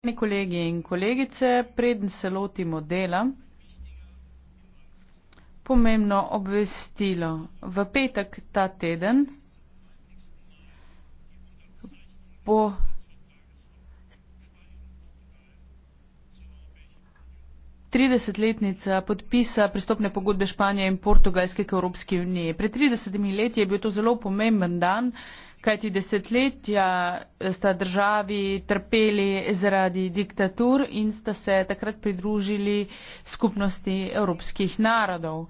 Spoštovani kolegi in kolegice, preden se lotimo dela, pomembno obvestilo. V petek ta teden bo 30-letnica podpisa pristopne pogodbe Španije in Portugalske k Evropski uniji. Pred 30 leti je bil to zelo pomemben dan, kajti desetletja sta državi trpeli zaradi diktatur in sta se takrat pridružili skupnosti evropskih narodov.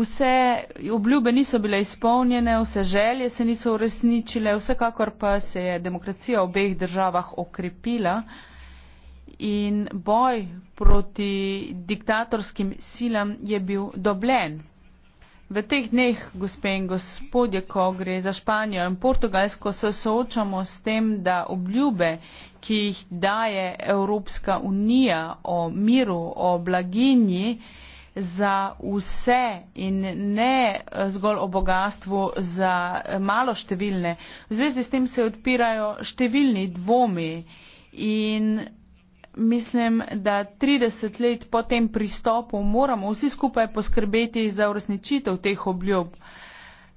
Vse obljube niso bile izpolnjene, vse želje se niso uresničile, vsekakor pa se je demokracija v obeh državah okrepila in boj proti diktatorskim silam je bil dobljen. V teh dneh, gospe in gospodje, ko gre za Španijo in Portugalsko, se soočamo s tem, da obljube, ki jih daje Evropska unija o miru, o blaginji za vse in ne zgolj o bogatstvu za malo številne, v zvezi s tem se odpirajo številni dvomi in mislim, da 30 let po tem pristopu moramo vsi skupaj poskrbeti za uresničitev teh obljub.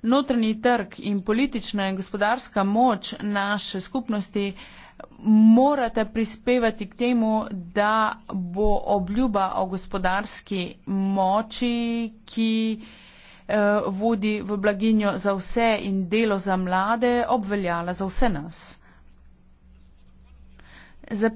Notrni trg in politična in gospodarska moč naše skupnosti morate prispevati k temu, da bo obljuba o gospodarski moči, ki eh, vodi v blaginjo za vse in delo za mlade, obveljala za vse nas. Zap